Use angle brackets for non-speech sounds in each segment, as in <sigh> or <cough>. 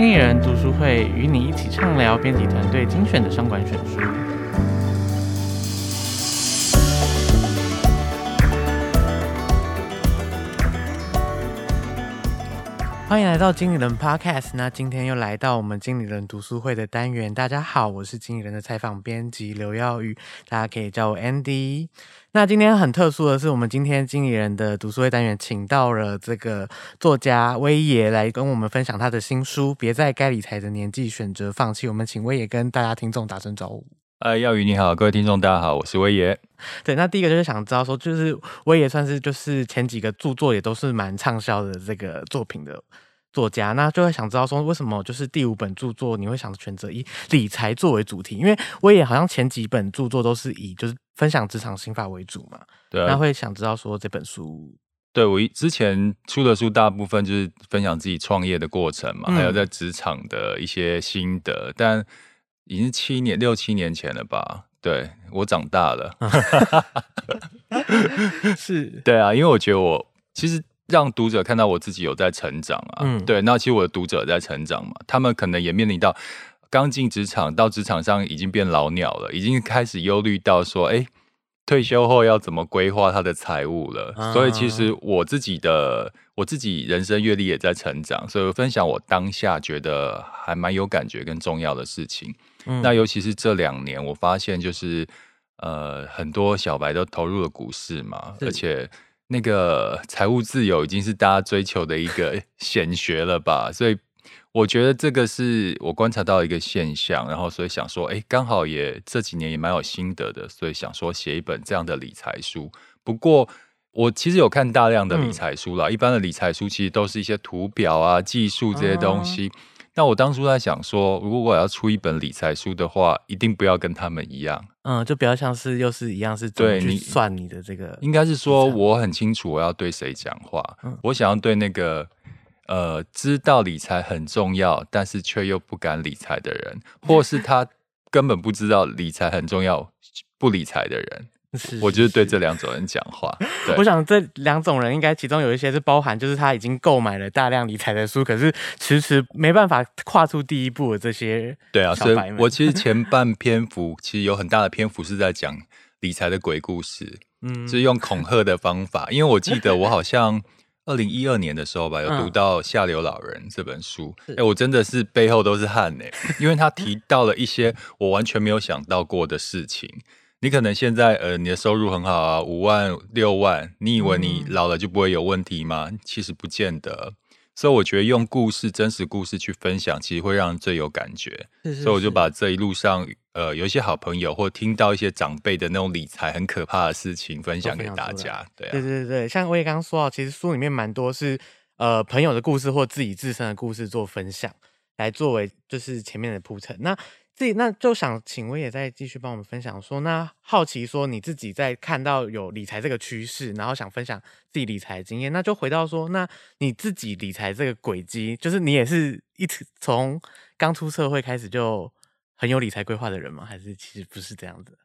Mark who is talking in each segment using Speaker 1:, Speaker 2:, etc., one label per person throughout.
Speaker 1: 經理人讀書會與你一起暢聊編輯團隊精選的商管選書。歡迎來到經理人 Podcast，那今天又來到我們經理人讀書會的單元。大家好，我是經理人的採訪編輯劉耀宇，大家可以叫我 Andy。那今天很特殊的是，我們今天經理人的讀書會單元，請到了這個作家崴爺來跟我們分享他的新書《別在該理財的年紀選擇放棄》。我們請崴爺跟大家聽眾打聲招
Speaker 2: 呼。哎，耀宇你好，各位聽眾大家好，我是崴爺。對，那第一個就是想知道說，
Speaker 1: 就是崴爺算是就是前幾個著作也都是蠻暢銷的這個作品的作家，那就會想知道說，為什麼就是第五本著作你會想選擇以理財作為主題？因為崴爺好像前幾本著作都是以就是。分享職場心法為主嘛？對、啊，那會想知道說這本書對，
Speaker 2: 對我之前出的書大部分就是分享自己創業的過程嘛，嗯、還有在職場的一些心得，但已經七年六七年前了吧？對我長大了， <laughs> <laughs> <laughs> 是對啊，因為我覺得我其實讓讀者看到我自己有在成長啊，嗯，對，那其實我的讀者也在成長嘛，他們可能也面臨到。剛進職場，到職場上已經變老鳥了，已經開始憂慮到說：“哎、欸，退休後要怎麼規劃他的財務了？”啊、所以，其實我自己的我自己人生閱歷也在成長，所以分享我當下覺得還蠻有感覺跟重要的事情。嗯、那尤其是這兩年，我發現就是呃，很多小白都投入了股市嘛，而且那個財務自由已經是大家追求的一個顯學了吧？所以。我覺得這個是我觀察到一個現象，然後所以想說，哎，剛好也這幾年也蠻有心得的，所以想說寫一本這樣的理財書。不過我其實有看大量的理財書啦，一般的理財書其實都是一些圖表啊、技術這些東西。那我當初在想說，如果我要出一本理財書的話，一定不要跟他們一樣，
Speaker 1: 嗯，就不要像是又是一樣是對你算你的這個，
Speaker 2: 應該是說我很清楚我要對誰講話，我想要對那個。呃，知道理財很重要，但是卻又不敢理財的人，或是他根本不知道理財很重要， <laughs> 不理財的人，是是是，我就是對這兩種人講話。我想
Speaker 1: 這兩種人應該其中有一些是包含，就是他已經購買了大量理財的書，可是遲遲沒辦法跨出第一步的這些。對啊，所以我其實
Speaker 2: 前半篇幅 <laughs> 其實有很大的篇幅是在講理財的鬼故事，嗯，就是用恐嚇的方法，因為我記得我好像。 <laughs> 二零一二年的時候吧，有讀到《下流老人》這本書，哎、嗯欸，我真的是背後都是汗哎、欸，因為他提到了一些我完全沒有想到過的事情。你可能現在呃，你的收入很好啊，五萬六萬，你以為你老了就不會有問題嗎？嗯、其實不見得。所以我覺得用故事、真實故事去分享，其實會讓人最有感覺。是是是，所以我就把這一路上，呃，有一些好朋友或聽到一些長輩的那種理財很可怕的事情分享給大家。
Speaker 1: 對、啊、對對對，像我也剛剛說到，其實書裡面蠻多是呃朋友的故事或自己自身的故事做分享，來作為就是前面的鋪陳。那自己那就想，請崴爺再繼續幫我們分享說，那好奇說你自己在看到有理財這個趨勢，然後想分享自己理財經驗，那就回到說，那你自己理財這個軌跡，就是你也是一直從剛出社會開始就很有理財規劃的人嗎？還是其實不是這樣子？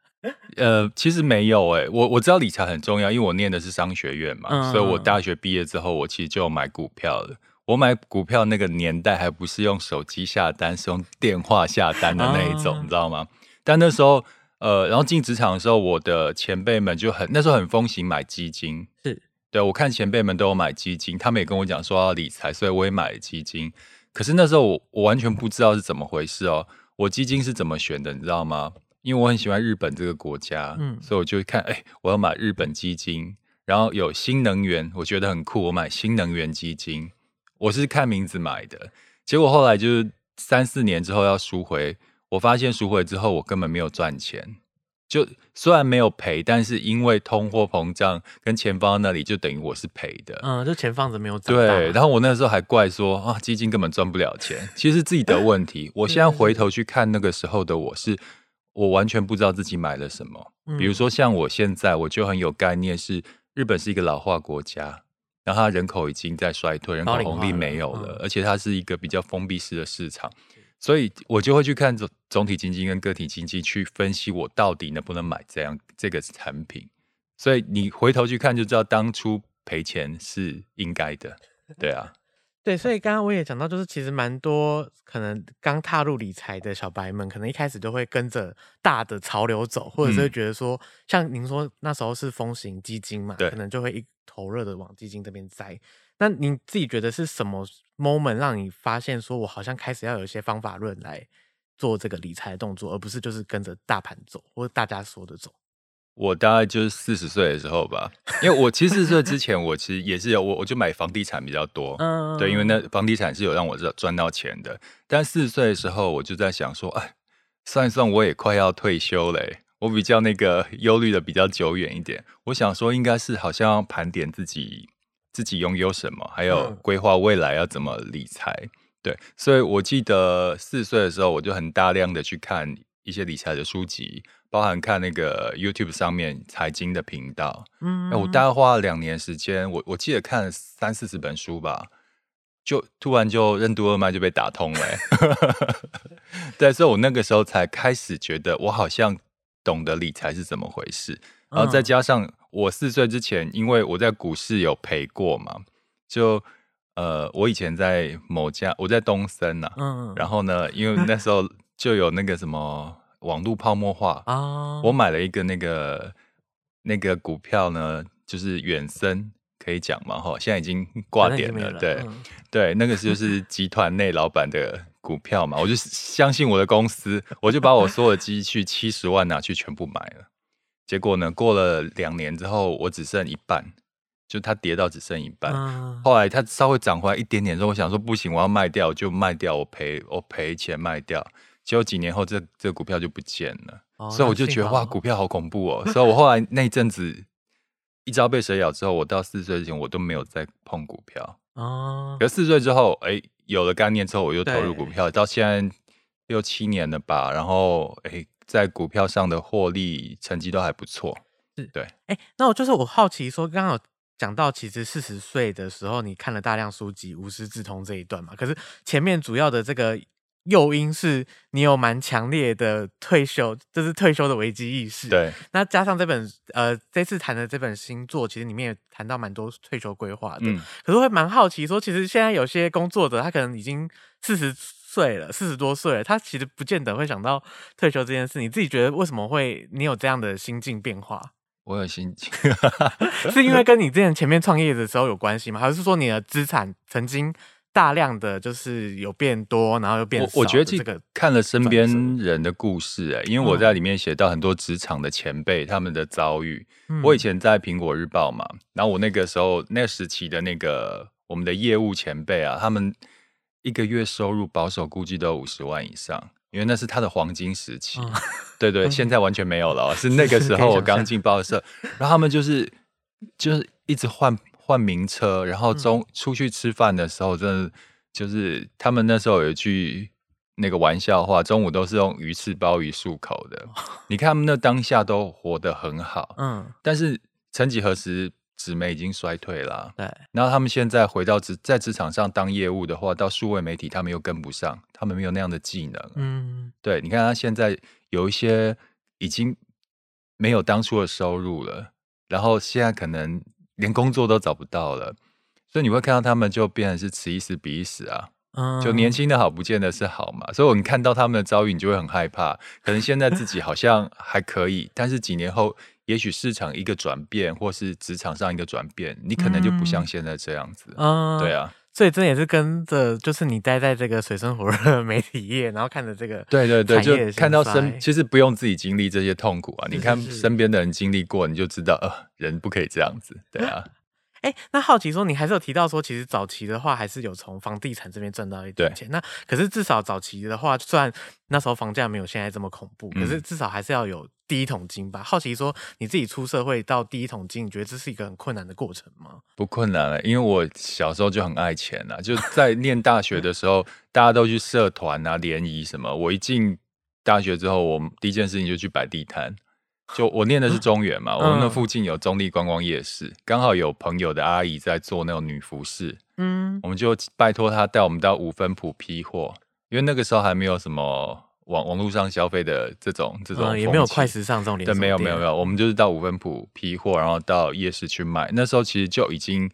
Speaker 2: 呃，其實沒有誒、欸，我我知道理財很重要，因為我念的是商學院嘛，嗯嗯嗯，所以我大學畢業之後，我其實就買股票了。我買股票那個年代還不是用手機下單，是用電話下單的那一種，oh. 你知道嗎？但那時候，呃，然後進職場的時候，我的前輩們就很那時候很風行買基金，是對，我看前輩們都有買基金，他們也跟我講說要、啊、理財，所以我也買了基金。可是那時候我我完全不知道是怎麼回事哦、喔，我基金是怎麼選的，你知道嗎？因為我很喜歡日本這個國家，嗯，所以我就看，哎、欸，我要買日本基金，然後有新能源，我覺得很酷，我買新能源基金。我是看名字買的，結果後來就是三四年之後要贖回，我發現贖回之後我根本沒有賺錢，就雖然沒有賠，但是因為通貨膨脹跟錢放在那裡，就等於我是賠的。
Speaker 1: 嗯，就錢放着沒有漲。對，
Speaker 2: 然後我那個時候還怪說啊，基金根本賺不了錢， <laughs> 其實是自己的問題。我現在回頭去看那個時候的我，是，我完全不知道自己買了什麼。嗯，比如說像我現在，我就很有概念是，是日本是一個老化國家。然後它人口已經在衰退，人口紅利沒有了，而且它是一個比較封閉式的市場，嗯、所以我就會去看總總體經濟跟個體經濟去分析，我到底能不能買這樣這個產品。所以你回頭去看，就知道當初賠錢是應該的，對啊。 <laughs>
Speaker 1: 對，所以剛剛我也講到，就是其實蠻多可能剛踏入理財的小白們，可能一開始就會跟着大的潮流走，或者是覺得說，嗯、像您說那時候是風行基金嘛，可能就會一頭熱的往基金這邊栽。那你自己覺得是什麼 moment 讓你發現說，我好像開始要有一些方法論來做這個理財的動作，而不是就是跟着大盤走或是大家說的走？
Speaker 2: 我大概就是四十歲的時候吧，因為我其實四十歲之前，我其實也是我我就買房地產比較多，對，因為那房地產是有讓我賺賺到錢的。但四十歲的時候，我就在想說，哎，算一算，我也快要退休嘞，欸，我比較那個憂慮的比較久遠一點。我想說，應該是好像盤點自己自己擁有什麼，還有規劃未來要怎麼理財。對，所以我記得四十歲的時候，我就很大量的去看。一些理財的書籍，包含看那個 YouTube 上面財經的頻道。嗯，我大概花了兩年時間，我我記得看了三四十本書吧，就突然就任督二脈就被打通了欸。 <laughs> <laughs> 對，所以我那個時候才開始覺得我好像懂得理財是怎麼回事。嗯。然後再加上我四歲之前，因為我在股市有賠過嘛，就呃，我以前在某家，我在東森吶、啊。嗯，嗯，然後呢，因為那時候。 <laughs> 就有那個什麼網路泡沫化啊！Oh. 我買了一個那個那個股票呢，就是遠森可以講嘛哈，現在已經掛點了。啊、了對、嗯、對，那個就是集團內老闆的股票嘛， <laughs> 我就相信我的公司，我就把我所有的積蓄七十萬拿去全部買了。 <laughs> 結果呢，過了兩年之後，我只剩一半，就它跌到只剩一半。Oh. 後來它稍微漲回來一點點之後，我想說不行，我要賣掉，就賣掉，我賠我賠錢賣掉。結果幾年後這，這這股票就不見了，哦、所以我就覺得、哦、哇，股票好恐怖哦。 <laughs> 所以，我後來那一陣子一朝被蛇咬之後，我到四十歲之前，我都沒有再碰股票哦。可是四十歲之後，哎，有了概念之後，我又投入股票，到現在六七年了吧。然後，哎，在股票上的獲利成績都還不錯，對，
Speaker 1: 哎，那我就是我好奇說，剛剛有講到，其實四十歲的時候，你看了大量書籍，無師自通這一段嘛？可是前面主要的這個。誘因是，你有蠻強烈的退休，就是退休的危機意識。對，那加上這本，呃，這次談的這本新作，其實裡面也談到蠻多退休規劃的。嗯、可是會蠻好奇，說其實現在有些工作者，他可能已經四十歲了，四十多歲了，他其實不見得會想到退休這件事。你自己覺得為什麼會你有這樣的心境變化？
Speaker 2: 我有心境，
Speaker 1: <laughs> <laughs> 是因為跟你之前前面創業的時候有關係嗎？還是說你的資產曾經？大量的就是有變多，然後又變少我。我覺得這個
Speaker 2: 看了身邊人的故事、欸，哎，因為我在裡面寫到很多職場的前輩、嗯、他們的遭遇。我以前在蘋果日報嘛，然後我那個時候那時期的那個我們的業務前輩啊，他們一個月收入保守估計都五十萬以上，因為那是他的黃金時期。嗯、 <laughs> 對對、對、嗯，現在完全沒有了，是那個時候我剛進報社，然後他們就是就是一直換。換名車，然後中出去吃飯的時候，真的、嗯、就是他們那時候有一句那個玩笑話：中午都是用魚翅鮑魚漱口的。 <laughs> 你看他們那當下都活得很好，嗯。但是曾幾何時，紙媒已經衰退了、啊。對。然後他們現在回到職在職場上當業務的話，到數位媒體，他們又跟不上，他們沒有那樣的技能、啊。嗯。對，你看他現在有一些已經沒有當初的收入了，然後現在可能。連工作都找不到了，所以你會看到他們就變成是此一時彼一時啊、嗯，就年輕的好不見得是好嘛，所以我們看到他們的遭遇，你就會很害怕。可能現在自己好像還可以， <laughs> 但是幾年後，也許市場一個轉變，或是職場上一個轉變，你可能就不像現在這樣子。嗯嗯、對啊。
Speaker 1: 所以，這也是跟着，就是你待在這個水深火熱的媒體業，然後看着這個，對對對，就看到身，其
Speaker 2: 實不用自己經歷這些痛苦啊。是是是，你看身邊的人經歷過，你就知道，呃，人不可以這樣子，對
Speaker 1: 啊。哎、欸，那好奇說，你還是有提到說，其實早期的話，還是有從房地產這邊賺到一點錢，對。那可是至少早期的話，雖然那時候房價沒有現在這麼恐怖，嗯、可是至少還是要有。第一桶金吧？好奇說，你自己出社會到第一桶金，你覺得這是一個很困難的過程嗎？
Speaker 2: 不困難了，因為我小時候就很愛錢了，啊，就在念大學的時候， <laughs> 大家都去社團啊、聯誼什麼。我一進大學之後，我第一件事情就去擺地攤。就我念的是中原嘛，嗯，我們那附近有中壢觀光夜市，剛、嗯、好有朋友的阿姨在做那種女服飾，嗯，我們就拜托她帶我們到五分埔批貨，因為那個時候還沒有什麼。網網絡上消費的這種這種、嗯、也沒有快時尚這種連，對沒有沒有沒有，我們就是到五分埔批貨，然後到夜市去賣。那時候其實就已經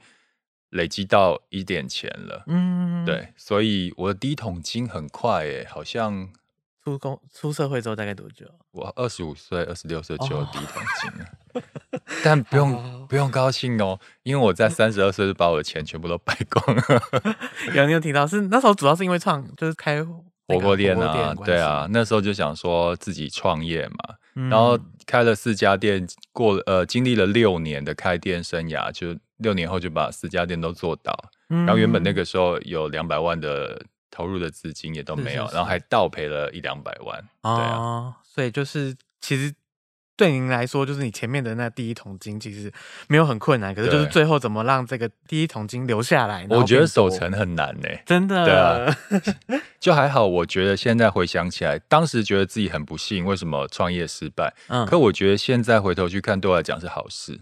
Speaker 2: 累積到一點錢了。嗯，對，所以我的第一桶金很快耶。好像出工出社會之後大概多久？我二十五歲、二十六歲就有第一桶金了。哦、 <laughs> 但不用、Hello. 不用高興哦、喔，因為我在三十二歲就把我的錢全部都敗光了。 <laughs> 有沒有提到是那時候主要是因為創，就是開。火鍋店啊的店，對啊，那時候就想說自己創業嘛、嗯，然後開了四家店，過了呃經歷了六年的開店生涯，就六年後就把四家店都做倒、嗯，然後原本那個時候有兩百萬的投入的資金也都沒有，是是是然後還倒賠了一兩百萬、
Speaker 1: 嗯，對啊，所以就是其實。對您來說，就是你前面的那第一桶金，其實沒有很困難。可是，就是最後怎麼讓這個第一桶金留下來？我覺得守成很難呢、欸，真的。對啊，
Speaker 2: 就還好。我覺得現在回想起來，當時覺得自己很不幸，為什麼創業失敗？嗯，可我覺得現在回頭去看，對我來講是好事，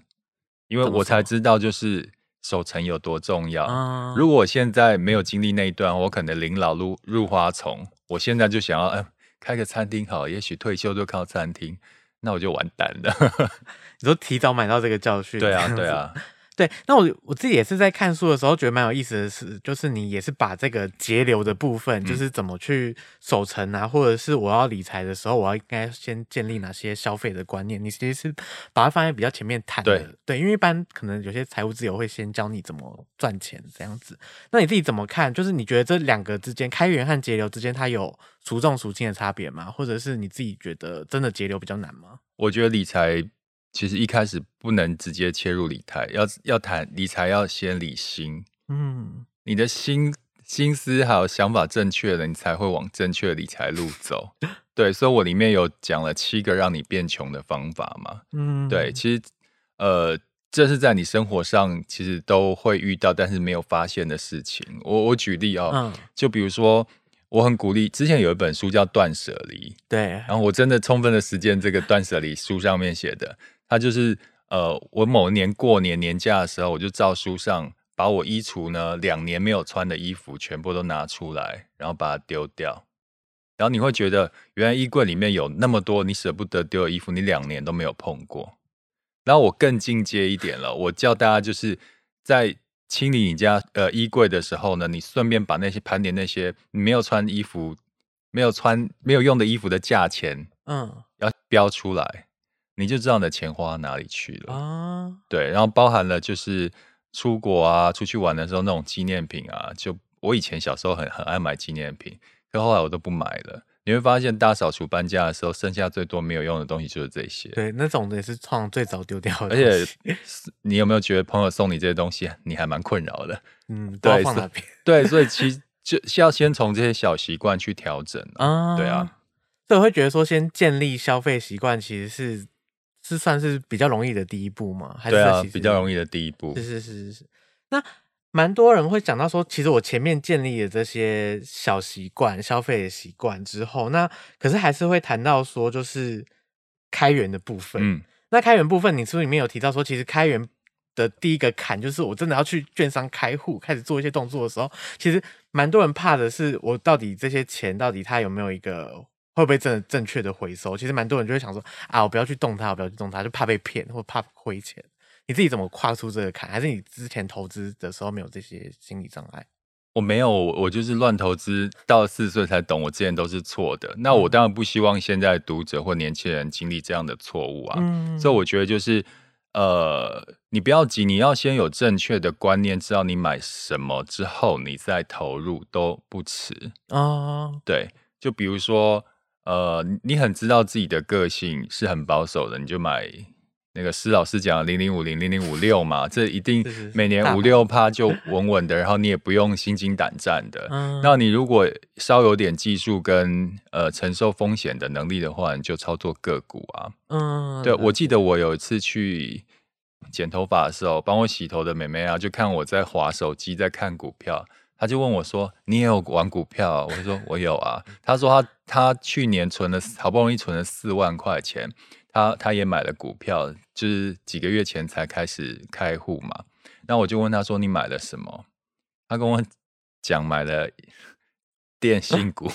Speaker 2: 因為我才知道就是守成有多重要、嗯。如果我現在沒有經歷那一段，我可能臨老入，入花叢。我現在就想要，哎、呃，開個餐廳好，也許退休就靠餐廳。那我就完蛋了， <laughs> 你都提早買到這個教訓。對啊，對啊。
Speaker 1: <laughs> 對，那我我自己也是在看書的時候覺得蠻有意思的是，就是你也是把這個節流的部分，就是怎麼去守成啊，嗯、或者是我要理財的時候，我要應該先建立哪些消費的觀念？你其實是把它放在比較前面談的，對，對，因為一般可能有些財務自由會先教你怎麼賺錢這樣子。那你自己怎麼看？就是你覺得這兩個之間，開源和節流之間，它有孰重孰輕的差別嗎？或者是你自己覺得
Speaker 2: 真的節流比較難嗎？我覺得理財。其實一開始不能直接切入理財，要要談理財，要先理心。嗯，你的心心思還有想法正確了，你才會往正確理財路走。 <laughs> 對，所以我裡面有講了七個讓你變窮的方法嘛。嗯，對，其實，呃，這是在你生活上其實都會遇到，但是沒有發現的事情。我我舉例啊、喔嗯，就比如說我很鼓勵，之前有一本書叫《斷捨離》，對，然後我真的充分的實踐這個《斷捨離》書上面寫的。他就是呃，我某年過年年假的時候，我就照書上把我衣櫥呢兩年沒有穿的衣服全部都拿出來，然後把它丟掉。然後你會覺得，原來衣櫃裡面有那麼多你捨不得丟的衣服，你兩年都沒有碰過。然後我更進階一點了，我教大家就是在清理你家呃衣櫃的時候呢，你順便把那些盤點那些你沒有穿衣服、沒有穿沒有用的衣服的價錢，嗯，要標出來。你就知道你的錢花哪裡去了啊。對，然後包含了就是出國啊、出去玩的時候那種紀念品啊，就我以前小時候很很愛買紀念品，可後來我都不買了。你會發現大掃除搬家的時候，剩下最多沒有用的東西就是這些。對，
Speaker 1: 那種的也是創最早丟掉的。而且，
Speaker 2: 你有沒有覺得朋友送你這些東西，你還蠻困擾的？嗯，對，對，所以其實就需要先從這些小習慣去調整
Speaker 1: 啊，啊。對啊，所以我會覺得說，先建立消費習慣其實是。是算是比較容易的第一步嗎？還是？對啊，比較容
Speaker 2: 易的第一步。是
Speaker 1: 是是是是。那蠻多人會講到說，其實我前面建立的這些小習慣、消費的習慣之後，那可是還是會談到說，就是開源的部分。嗯。那開源部分，你書裡面有提到說，其實開源的第一個坎就是，我真的要去券商開戶，開始做一些動作的時候，其實蠻多人怕的是，我到底這些錢到底它有沒有一個。會不會正正確的回收？其實蠻多人就會想說啊，我不要去動它，我不要去動它，就怕被騙或怕虧錢。你自己怎麼跨出這個坎？還是你之前投資的時候沒有這些心理障礙？
Speaker 2: 我沒有，我就是亂投資，到四十歲才懂，我之前都是錯的。嗯。那我當然不希望現在讀者或年輕人經歷這樣的錯誤啊。嗯。所以我覺得就是呃，你不要急，你要先有正確的觀念，知道你買什麼之後，你再投入都不遲。哦。對，就比如說。呃，你很知道自己的個性是很保守的，你就買那個施老師講的零零五零零零五六嘛， <laughs> 這一定每年五六趴就穩穩的， <laughs> 然後你也不用心驚膽戰的。 <laughs> 那你如果稍有點技術跟呃承受風險的能力的話，你就操作個股啊。嗯， <laughs> 對，我記得我有一次去剪頭髮的時候，幫我洗頭的妹妹啊，就看我在滑手機，在看股票。他就問我說：“你也有玩股票啊？”我說：“我有啊。”他說他：“他他去年存了好不容易存了四萬塊錢，他他也買了股票，就是幾個月前才開始開戶嘛。”那我就問他說：“你買了什麼？”他跟我講買了電信股，啊，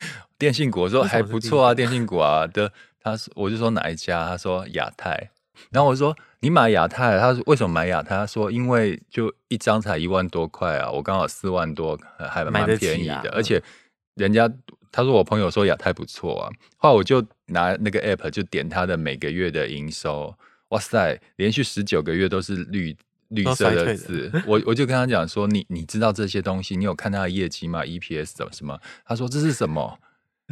Speaker 2: <laughs> 電信股我說還不錯啊，電信股啊的。他，我就說哪一家？”他說：“亞太。”然後我說你買亞太，他說為什麼買亞太，他說因為就一張才一萬多塊啊，我剛好四萬多，還蠻便宜的，買得起啊。而且人家他說我朋友說亞太不錯啊，後來我就拿那個 app 就點他的每個月的營收，哇塞，連續十九個月都是綠都綠色的字。的 <laughs> 我我就跟他講說你你知道這些東西，你有看他的業績嗎？EPS 怎麼什麼？他說這是什麼？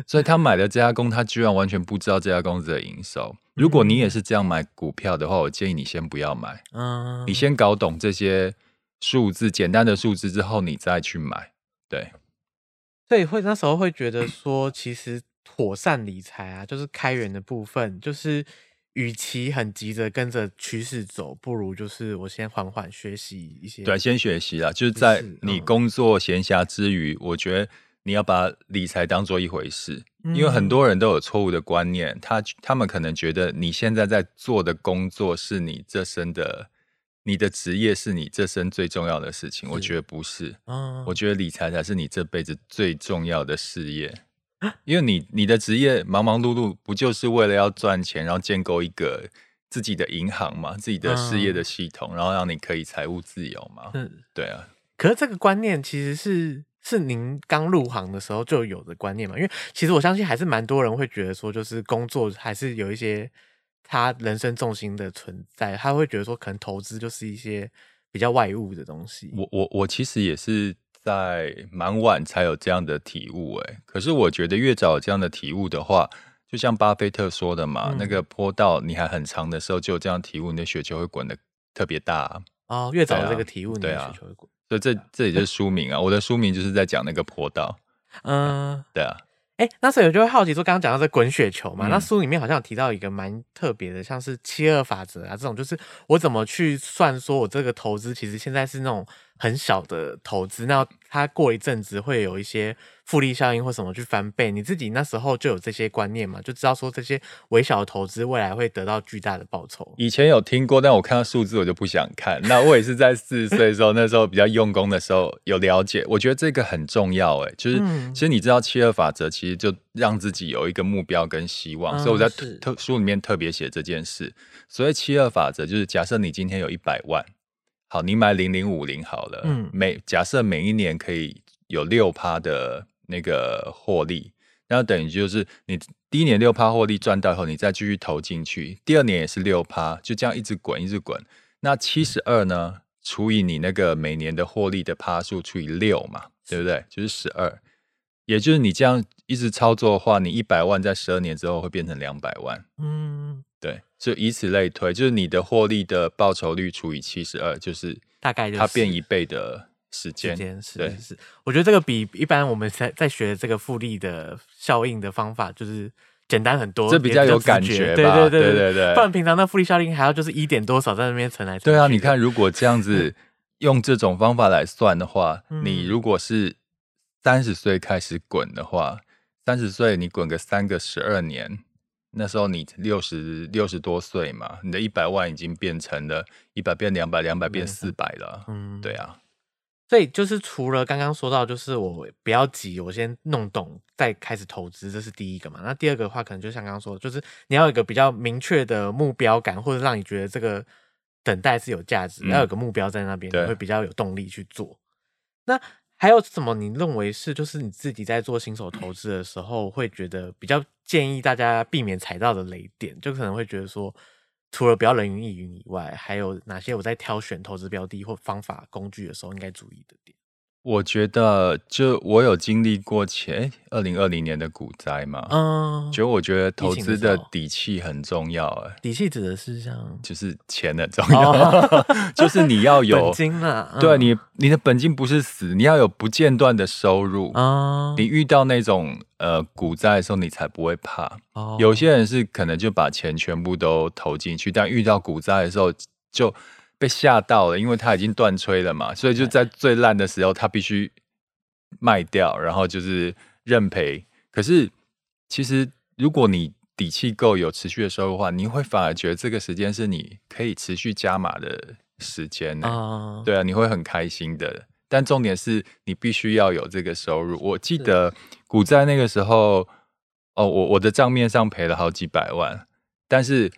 Speaker 2: 所以他買的這家公司，他居然完全不知道這家公司的營收。如果你也是這樣買股票的話，我建議你先不要買。嗯，你先搞懂這些數字，簡單的數字之後，你再去買。對，
Speaker 1: 所以會，那時候會覺得說，其實妥善理財啊、嗯，就是開源的部分，就是與其很急着跟着趨勢走，不如就是我先緩緩學習一些。對，先
Speaker 2: 學習啊，就是在你工作閒暇之餘、嗯，我覺得。你要把理財當做一回事，因為很多人都有錯誤的觀念，嗯、他他們可能覺得你現在在做的工作是你這生的，你的職業是你這生最重要的事情。我覺得不是，哦、我覺得理財才是你這輩子最重要的事業，啊、因為你你的職業忙忙碌碌，不就是為了要賺錢，然後建構一個自己的銀行嘛，自己的事業的系統，哦、然後讓你可以財務自由嘛。嗯，對啊。
Speaker 1: 可是這個觀念其實是。是您剛入行的時候就有的觀念嘛？因為其實我相信還是蠻多人會覺得說，就是工作還是有一些他人生重心的存在，他會覺得說，可能投資就是一些比較外物的東西。
Speaker 2: 我我我其實也是在蠻晚才有這樣的體悟哎、欸，可是我覺得越早這樣的體悟的話，就像巴菲特說的嘛，嗯、那個坡道你還很長的時候，就這樣體悟，你的雪球會滾得特別大
Speaker 1: 啊。哦、越早這個體悟，對啊。你的雪球會
Speaker 2: 滾對啊所以這這裡就是書名啊，我，我的書名就是在講那個坡道，
Speaker 1: 嗯、呃，對啊，哎，那所以我就會好奇說，剛剛講到這滾雪球嘛、嗯，那書裡面好像有提到一個蠻特別的，像是七二法則啊這種，就是我怎麼去算說我這個投資其實現在是那種。很小的投資，那它過一陣子會有一些複利效應或什麼去翻倍。你自己那時候就有這些觀念嘛？就知道說，這些微小的投資未來會得到巨大的報酬。
Speaker 2: 以前有聽過，但我看到數字我就不想看。那我也是在四十歲的時候， <laughs> 那時候比較用功的時候有了解。我覺得這個很重要哎、欸，就是、嗯、其實你知道七二法則，其實就讓自己有一個目標跟希望。嗯、所以我在特書裡面特別寫這件事。所以七二法則，就是假設你今天有一百萬。好，你買零零五零好了。嗯，每假設每一年可以有六趴的那個獲利，那等於就是你第一年六趴獲利賺到以後，你再繼續投進去，第二年也是六趴，就這樣一直滾，一直滾。那七十二呢，除以你那個每年的獲利的趴數除以六嘛，對不對？就是十二，也就是你這樣一直操作的話，你一百萬在十二年之後會變成兩百萬。嗯。對，就以此類推，就是你的獲利的報酬率除以七十二，就是大概就是它變一倍的時間。對，是，是，是我覺得這個比一
Speaker 1: 般我們在在學這個複利的效應的方法，就是簡單很多，比這比較有感覺吧。對對對對對，不然平常那複利效應還要就是一點多少在那邊存來存。
Speaker 2: 對啊，你看如果這樣子用這種方法來算的話，嗯、你如果是三十歲開始滾的話，三十歲你滾個三個十二年。那時候你六十六十多歲嘛，你的一百萬已經變成了一百變兩百，兩百變四百了。嗯，對啊。
Speaker 1: 所以就是除了剛剛說到，就是我不要急，我先弄懂再開始投資，這是第一個嘛。那第二個的話，可能就像剛剛說的，就是你要有一個比較明確的目標感，或者讓你覺得這個等待是有價值，嗯、你要有個目標在那邊，你會比較有動力去做。那還有什麼，你認為是，就是你自己在做新手投資的時候，會覺得比較建議大家避免踩到的雷點，就可能會覺得說，除了不要人云亦云以外，還有哪些我在挑選投資標的或方法、工具的時候應該注意的點？
Speaker 2: 我覺得，就我有經歷過，前二零二零年的股災嘛，嗯，就我覺得投資的底氣很重要、欸。底氣指的是像，就是錢很重要、哦， <laughs> 就是你要有本金嘛、啊。嗯、對你，你的本金不是死，你要有不間斷的收入啊、嗯。你遇到那種呃股災的時候，你才不會怕。哦、有些人是可能就把錢全部都投進去，但遇到股災的時候就。被嚇到了，因為它已經斷炊了嘛，所以就在最爛的時候，他必須賣掉，然後就是認賠。可是其實，如果你底氣夠，有持續的收入的話，你會反而覺得這個時間是你可以持續加碼的時間呢、欸。Oh. 對啊，你會很開心的。但重點是你必須要有這個收入。我記得股災那個時候，哦，我我的賬面上賠了好幾百萬，但是。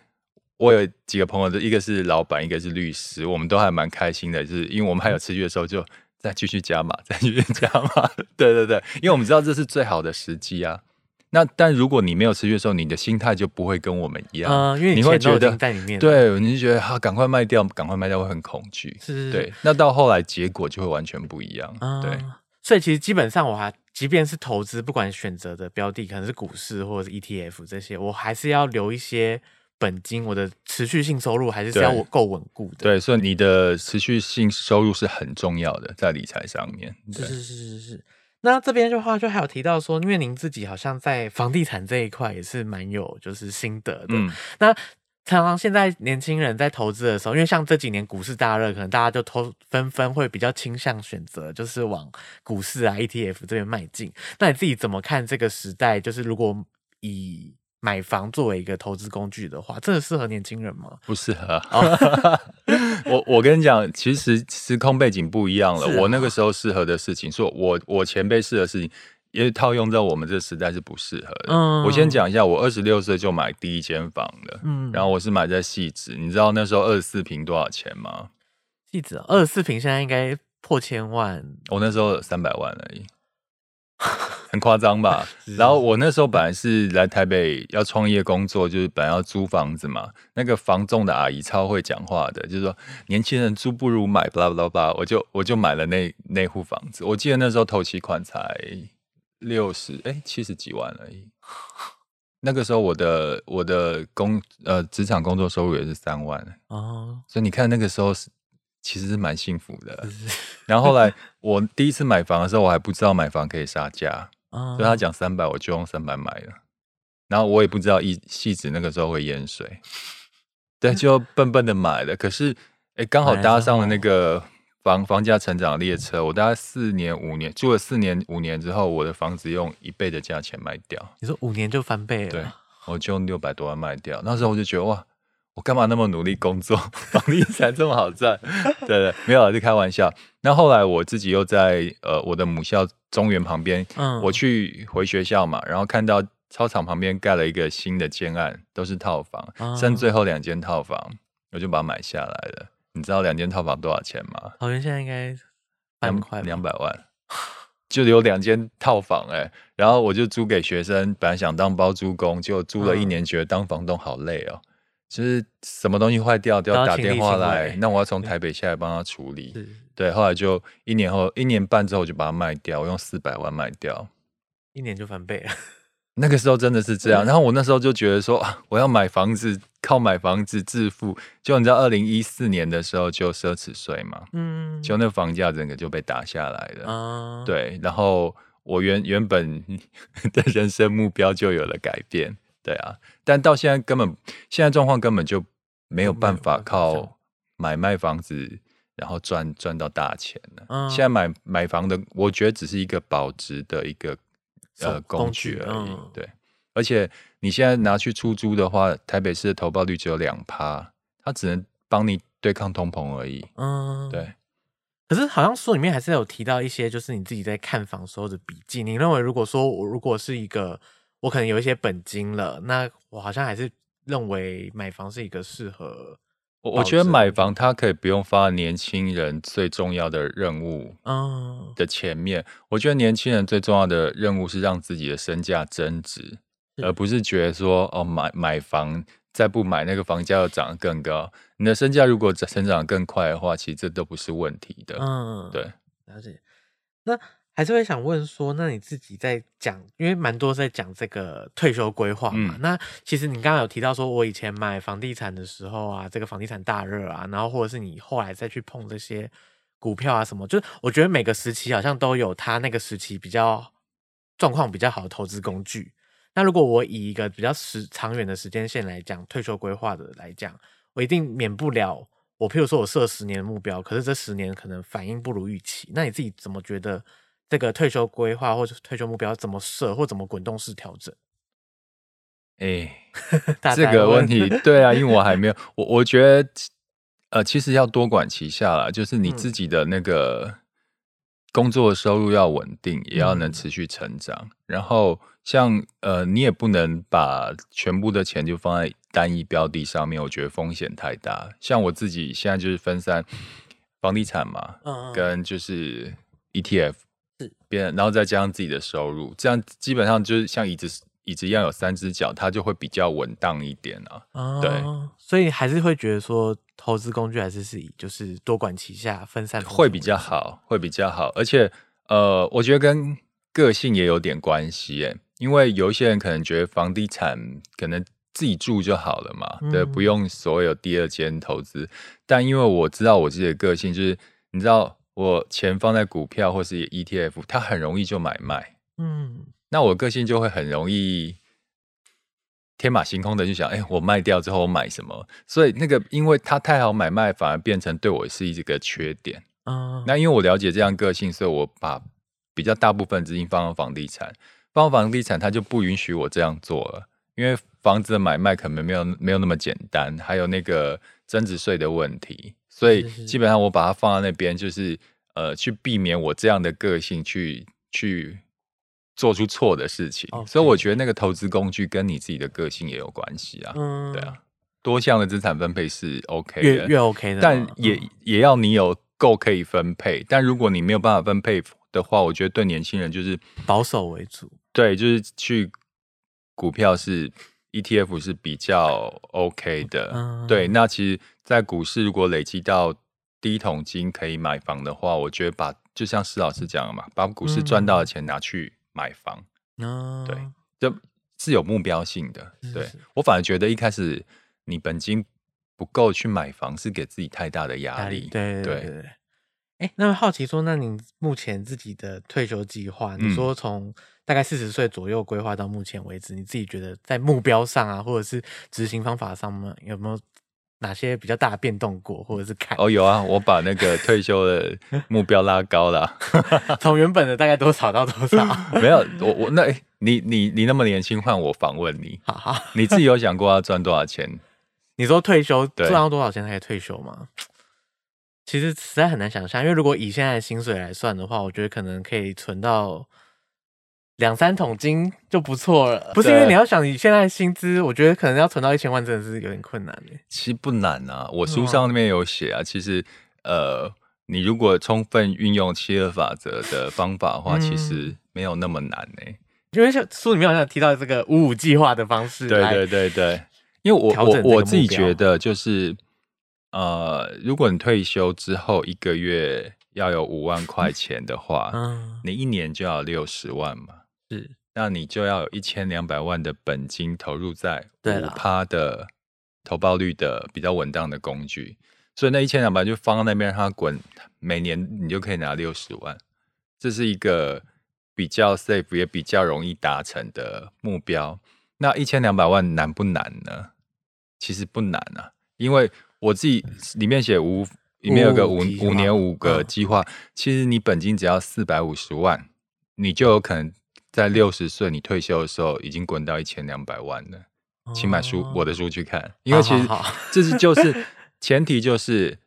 Speaker 2: 我有幾個朋友，一個是老闆，一個是律師，我們都還蠻開心的，就是因為我們還有持續收入，就再繼續加碼，再繼續加碼，對對對，因為我們知道這是最好的時機啊。那但如果你沒有持續收入，你的心態就不會跟我們一樣，嗯、因為你，你會覺得在裡面，對，你就覺得哈，趕、啊、快賣掉，趕快賣掉，會很恐懼，是是是，對。那到後來結果就會完全不一樣，嗯、
Speaker 1: 對。所以其實基本上，我還即便是投資，不管選擇的標的可能是股市或者是 ETF 這些，我還是要留一些，本金，我的持續性收入還是需要我夠穩固
Speaker 2: 的，對。對，所以你的持續性收入是很重要的，在理財上面。
Speaker 1: 是是是是是。那這邊的話，就還有提到說，因為您自己好像在房地產這一塊也是蠻有，就是心得的。嗯。那常常現在年輕人在投資的時候，因為像這幾年股市大熱，可能大家就投紛紛會比較傾向選擇就是往股市啊 ETF 這邊邁進。那你自己怎麼看這個時代？就是如果以買房作為一個
Speaker 2: 投資工具的話，這
Speaker 1: 個適合年輕人嗎？不
Speaker 2: 適合 <laughs> <laughs> 我。我我跟你講，其實時，時空背景不一樣了。我那個時候適合的事情，說我我前輩適合的事情，因為套用在我們這時代是不適合的。嗯、我先講一下，我二十六歲就買第一間房了。嗯，然後我是買在汐止，你知道那時候二十四平多少錢嗎？
Speaker 1: 汐止二十四平現在應該破千萬，
Speaker 2: 我那時候三百萬而已。 <laughs> 很誇張吧？然後我那時候本來是來台北要創業工作，就是本來要租房子嘛。那個房仲的阿姨超會講話的，就是說年輕人租不如買，blah blah blah，我就我就買了那那戶房子。我記得那時候頭期款才六十哎七十幾萬而已。那個時候我的我的工呃職場工作收入也是三萬哦，uh -huh. 所以你看那個時候是其實是蠻幸福的。 <laughs> 然後後來我第一次買房的時候，我還不知道買房可以殺價。 <noise> 所以他講三百，我就用三百買了，然後我也不知道一汐止，那個時候會淹水，對，就笨笨的買了。可是、欸，剛好搭上了那個房房價成長的列車。我大概四年五年住了四年五年之後，我的房子用一倍的價錢賣掉。你說五年就翻倍了？對，我就用六百多萬賣掉。那時候我就覺得哇，我幹嘛那麼努力工作？ <laughs> 房地產這麼好賺？對對，沒有，是開玩笑。那後來我自己又在呃我的母校。中原旁邊、嗯，我去回學校嘛，然後看到操場旁邊蓋了一個新的建案，都是套房，嗯、剩最後兩間套房，我就把它買下來了。你知道兩間套房多少錢嗎？
Speaker 1: 好像現在應
Speaker 2: 該半塊吧，兩百萬，就有兩間套房哎、欸， <laughs> 然後我就租給學生，本來想當包租公，結果租了一年、嗯、覺得當房東好累哦、喔。就是什麼東西壞掉都要打電話來，那我要從台北下來幫他處理。對，後來就一年後、一年半之後，我就把它賣掉，我用四百萬賣掉，
Speaker 1: 一年就翻倍了。
Speaker 2: 那個時候真的是這樣，然後我那時候就覺得說，嗯啊、我要買房子，靠買房子致富。就你知道，二零一四年的時候就奢侈稅嘛，嗯，就那個房價整個就被打下來了。嗯、對，然後我原原本的人生目標就有了改變。對啊，但到現在根本現在狀況根本就沒有辦法靠買賣房子然後賺賺到大錢了。嗯，現在買買房的，我覺得只是一個保值的一個呃工具，工具而已，嗯。對，而且你現在拿去出租的話，台北市的投報率只有兩趴，它只能幫你對抗通膨而已。嗯，對。可是好像書裡面還是有提到一些，就是你自己在看房時候的筆
Speaker 1: 記。你認為如果說我如果是一個。我可能有一些本金了，那我好像還是認為買房是一個適合。我我覺
Speaker 2: 得買房，它可以不用放在年輕人最重要的任務啊的前面。Oh. 我覺得年輕人最重要的任務是讓自己的身價增值，而不是覺得說哦，買買房再不買，那個房價又漲得更高。 <laughs> 你的身價如果成長得更快的話，其實這都不是問題的。嗯、oh.，對，
Speaker 1: 而且那。還是會想問說，那你自己在講，因為蠻多在講這個退休規劃嘛，嗯。那其實你剛剛有提到說，我以前買房地產的時候啊，這個房地產大熱啊，然後或者是你後來再去碰這些股票啊什麼，就是我覺得每個時期好像都有它那個時期比較狀況比較好的投資工具。那如果我以一個比較時長遠的時間線來講，退休規劃的來講，我一定免不了我譬如說我設十年的目標，可是這十年可能反應不如預期，那你自己怎麼覺得？這個退休規劃或者退休目標怎麼設，或怎麼滾動式調整？
Speaker 2: 哎、欸， <laughs> 這個問題對啊，因為我還沒有我我覺得呃，其實要多管齊下啦，就是你自己的那個工作的收入要穩定、嗯，也要能持續成長。然後像呃，你也不能把全部的錢就放在單一標的上面，我覺得風險太大。像我自己現在就是分散房地產嘛，嗯嗯跟就是 ETF。別然後再加上自己的收入，這樣基本上就是像椅子椅子一樣有三只腳，它就會比較穩當一點啊、嗯。對，所以還是會覺得說，投資工具還是是以就是多管齊下，分散工具會比較好，會比較好。而且，呃，我覺得跟個性也有點關係，因為有一些人可能覺得房地產可能自己住就好了嘛，嗯、對，不用所有第二間投資。但因為我知道我自己的個性，就是你知道。我錢放在股票或是 ETF，它很容易就買賣。嗯，那我個性就會很容易天馬行空的就想，哎、欸，我賣掉之後我買什麼？所以那個因為它太好買賣，反而變成對我是一個缺點。哦、嗯。那因為我了解這樣個性，所以我把比較大部分資金放到房地產。放房地產，它就不允許我這樣做了，因為房子的買賣可能沒有沒有那麼簡單，還有那個增值稅的問題。所以基本上我把它放在那邊，就是呃，去避免我這樣的個性去去做出錯的事情。所以我覺得那個投資工具跟你自己的個性也有關係啊。嗯，對啊，多項的資產分配是 OK 的，越 OK 的，但也也要你有夠可以分配。但如果你沒有辦法分配的話，我覺得對年輕人就是保守為主。對，就是去股票是。ETF 是比較 OK 的，嗯、對。那其實，在股市如果累積到第一桶金可以買房的話，我覺得把就像施老師講的嘛，把股市賺到的錢拿去買房，
Speaker 1: 嗯、對，
Speaker 2: 這、嗯、是有目標性的。嗯、對是是我反而覺得一開始你本金不夠去買房是給自己太大的壓力、啊對對對對，對。
Speaker 1: 欸，那麼好奇說，那你目前自己的退休計劃，你說從大概四十歲左右規劃到目前為止，嗯，你自己覺得在目標上啊，或者是執行方法上，有沒有哪些比較大的變動過，或者是
Speaker 2: 改？哦，有啊，我把那個退休的目標拉高了，從 <laughs> 原本的大概多少到多少？ <laughs> <laughs> 沒有，我我那你你你那麼年輕，換我訪問你，哈 <laughs> 哈你自己有想過要賺多少錢？你說退休賺到
Speaker 1: 多少錢才可以退休嗎？其實實在很難想象，因為如果以現在的薪水來算的話，我覺得可能可以存到兩三桶金就不錯了。不是因為你要想，以現在的薪資，我覺得可能要存到一千萬真的是有點困難誒。
Speaker 2: 其實不難啊，我書上那邊有寫啊、哦。其實，呃，你如果充分運用七二法則的方法的話，嗯、其實沒有那麼難呢。
Speaker 1: 因為像書裡面好像有提到這個五五計劃的方式，對對對
Speaker 2: 對。因為我我我自己覺得就是。呃，如果你退休之後一個月要有五萬塊錢的話，嗯， <laughs> 你一年就要六十萬嘛，是，那你就要有一千兩百萬的本金投入在五趴的投報率的比較穩當的工具，所以那一千兩百萬就放在那邊讓它滾，每年你就可以拿六十萬，這是一個比較 safe，也比較容易達成的目標。那一千兩百萬難不難呢？其實不難啊，因為我自己裡面寫五，裡面有個五五年五個計劃，其實你本金只要四百五十萬，你就有可能在六十歲你退休的時候已經滾到一千兩百萬了。請買書，我的書去看，因為其實這是就是前提，就是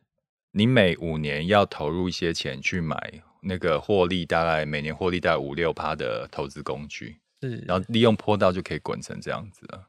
Speaker 2: 你每五年要投入一些錢去買那個獲利大概每年獲利大概五六趴的投資工具，然後利用坡道就可以滾成這樣子了。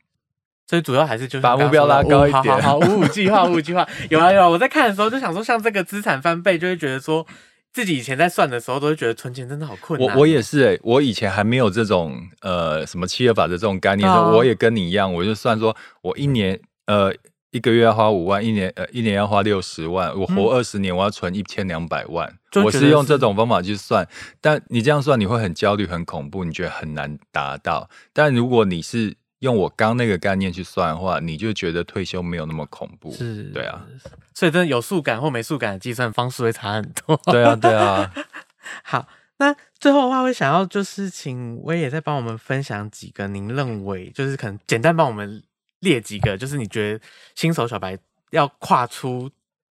Speaker 2: 所以主要還是就是把目標拉高一點。哦、好好好，五五計
Speaker 1: 劃，五五計劃。有啊有啊，我在看的時候就想說，像這個資產翻倍，就會覺得說自己以前在算的時候，都會覺得存錢真的好困難。我我也
Speaker 2: 是、欸，誒，我以前還沒有這種呃什麼七二法則這種概念、哦，我也跟你一樣，我就算說我一年、嗯、呃一個月要花五萬，一年呃一年要花六十萬，我活二十年，我要存一千兩百萬、嗯。我是用這種方法去算，但你這樣算你會很焦慮、很恐怖，你覺得很難達到。但如果你是用我剛那個概念去算的話，你就覺得退休沒有那麼恐怖，是，對啊，所以真的有數感或沒數感的計算方
Speaker 1: 式會差很多，對啊，對啊。 <laughs> 好，那最後的話，會想要就是請崴爺再幫我們分享幾個，您認為就是可能簡單幫我們列幾個，就是你覺得新手小白要跨出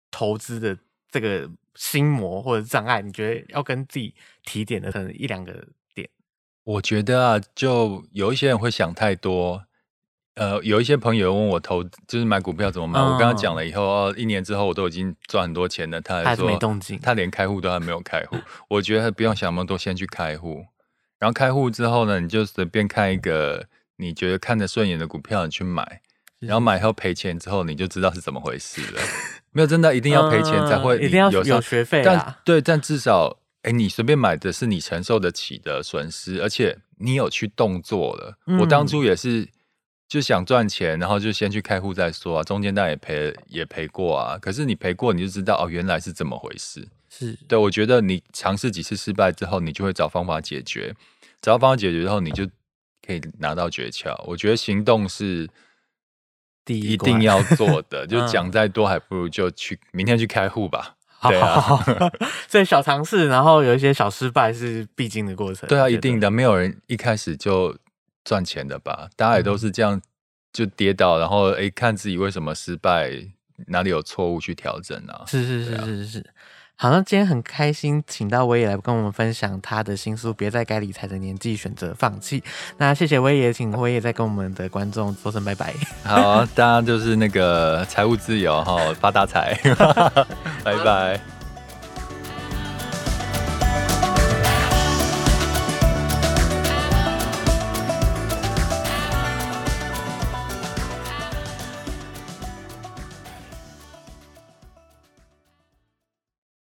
Speaker 1: 投資的這個心魔或者障礙，你覺得要跟自己提點的可能一兩個。
Speaker 2: 我覺得啊，就有一些人會想太多。呃，有一些朋友問我投，就是買股票怎麼買？嗯、我剛剛講了以後，哦、啊，一年之後我都已經賺很多錢了。他，說他還說沒動靜，他連開戶都還沒有開戶。 <laughs> 我覺得他不用想那麼多，先去開戶。然後開戶之後呢，你就隨便看一個你覺得看得順眼的股票，你去買。然後買後賠錢之後，你就知道是怎麼回事了。 <laughs> 沒有真的一定要賠錢才會有、嗯，一定要有學費啊。但，對，但至少。哎、欸，你隨便買的是你承受得起的損失，而且你有去動作了。嗯、我當初也是就想賺錢，然後就先去開戶再說啊。中間當然也賠，也賠過啊。可是你賠過，你就知道哦，原來是怎麼回事。是對，我覺得你嘗試幾次失敗之後，你就會找方法解決。找到方法解決之後，你就可以拿到訣竅。我覺得行動是第一，一定要做的。 <laughs> 嗯、就講再多，還不如就去明天去開戶吧。對，
Speaker 1: 好，好，好，好，對啊、 <laughs> 所以小嘗試，然後有一些小失敗是必經的過程。對啊，一
Speaker 2: 定的，沒有人一開始就賺錢的吧？大家也都是這樣，就跌倒，嗯、然後哎、欸，看自己為什麼失敗，哪裡有錯誤去調整啊？是是是
Speaker 1: 是是是。好，那今天很開心，請到崴爺來跟我們分享他的新書《別在該理財的年紀選擇放棄》。那謝謝崴爺，請崴爺再跟我們的觀眾說聲拜拜、啊、 <laughs> <laughs> 拜拜。好，
Speaker 2: 當然就是那個財務自由哈，發大財，拜拜。